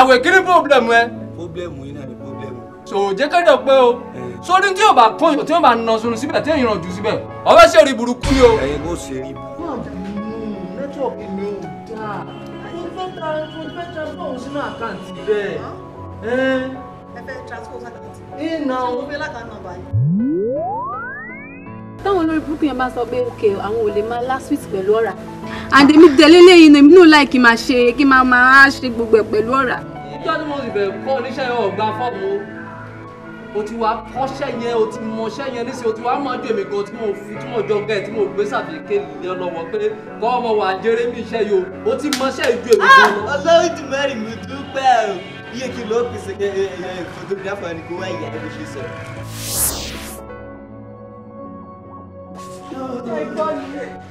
àwẹ̀ kí ni pọ́blẹ̀mù ẹ. pọ́blẹ̀mù yìí náà ni pọ́blẹ̀mù. sòwò jẹ́ kẹ́dọ̀ pé o sórí tí yóò bá kún yóò tí yóò bá nà sunu síbẹ̀ tí èèyàn jù síbẹ̀ ọbẹ̀ ṣe rí burúkú ni o. ẹyin kò ṣe rí. nẹ́tíwọ̀kì mi ò dáa mo fẹ́ ta mo fẹ́ ta bọ́ọ̀n sínú àkáǹtì bẹ́ẹ̀. ẹ fẹ́ transfer àkáǹtì. ìnà òun fẹ́ lákàánú àbáyé. táwọn olórí burúkú yẹn bá sọ pé òkè àwọn ò lè máa lá sweet pẹ̀lú ọ̀rà and èmi tẹ̀lé lẹ́yìn náà èmi náà láì kí n máa ṣe kí n máa máa ṣe gbogbo ẹ̀ pẹ̀lú ọ̀rà. ìjọ ni mo sì bẹ̀rẹ̀ kọ́ oníṣẹ́ yẹn ọ̀gbà fọ́ọ̀mù o ti wá kọ́ṣẹ́ yẹn o ti mọṣẹ́ yẹn níṣẹ́ o ti wá mọ̀ ju èmi gan tí mo fi tí mo jọ gẹ̀ tí mo gbé sàfihàn lé lọ́wọ́ pé kọ́ ọmọ wa jẹ́rẹ́ mi iṣẹ́ yìí o o ti mọṣẹ́ ju èmi gan lọ. Ah! ọlọ́run ti mẹ́rin mi dúpẹ́ o iye kí ló pèsè photographer ni kò wá ìyá ẹ̀ bó ṣe sọ. Oh, my God.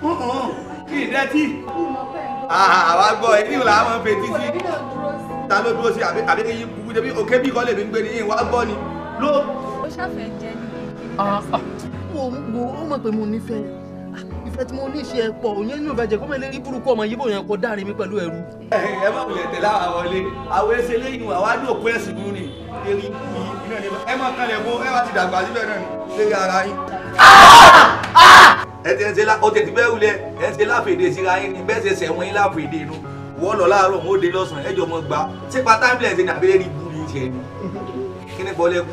Uh-uh ìdẹ́tì ah, àwa gbọ́ ẹ̀ níwò làwọn máa ń fetí sí ta ló dúró sí àbẹ́kẹ́ yín kúkú débi òkè bí kọ́lé mi ń gbé ni yín wá gbọ́ ni ló. ó ṣàfẹ́ jẹ́ ní ìlú. ó mọ̀ pé mo nífẹ̀ẹ́ ah, ìfẹ́ tí mo ní ṣe pọ̀ òun yẹn ní òfẹ́ jẹ́ kó mẹ́lẹ́ ní burúkú ọmọ yìí bò yẹn kó dáre mi pẹ̀lú ẹrú. ẹ má wulẹ̀ tẹ̀lé àwọn wọlé àwọn ẹsẹ̀ lẹ́yìn wa wá ní òkú ẹ̀sìn mú ni eré yìí iná ni ẹ má kalẹ̀ bó ẹ wá ti dàgbà síbẹ̀ náà ni lórí ara yín. Ah! ẹtẹ ẹtẹ la ọtẹ ti bẹ́ẹ̀ wulẹ̀ ẹtẹ láfèdè síra yín ni bẹ́ẹ̀ ṣe sẹ̀wọ̀n yín láfèdè nu wọ́n lọ láàárọ̀ wọn ó de lọ́sàn-án ẹjọ́ mọ́ gba ṣé pa táìmù lẹ́sẹ̀ ní abẹ́rẹ́ rí bú mi ṣe ni kí ni bọ́lẹ́kù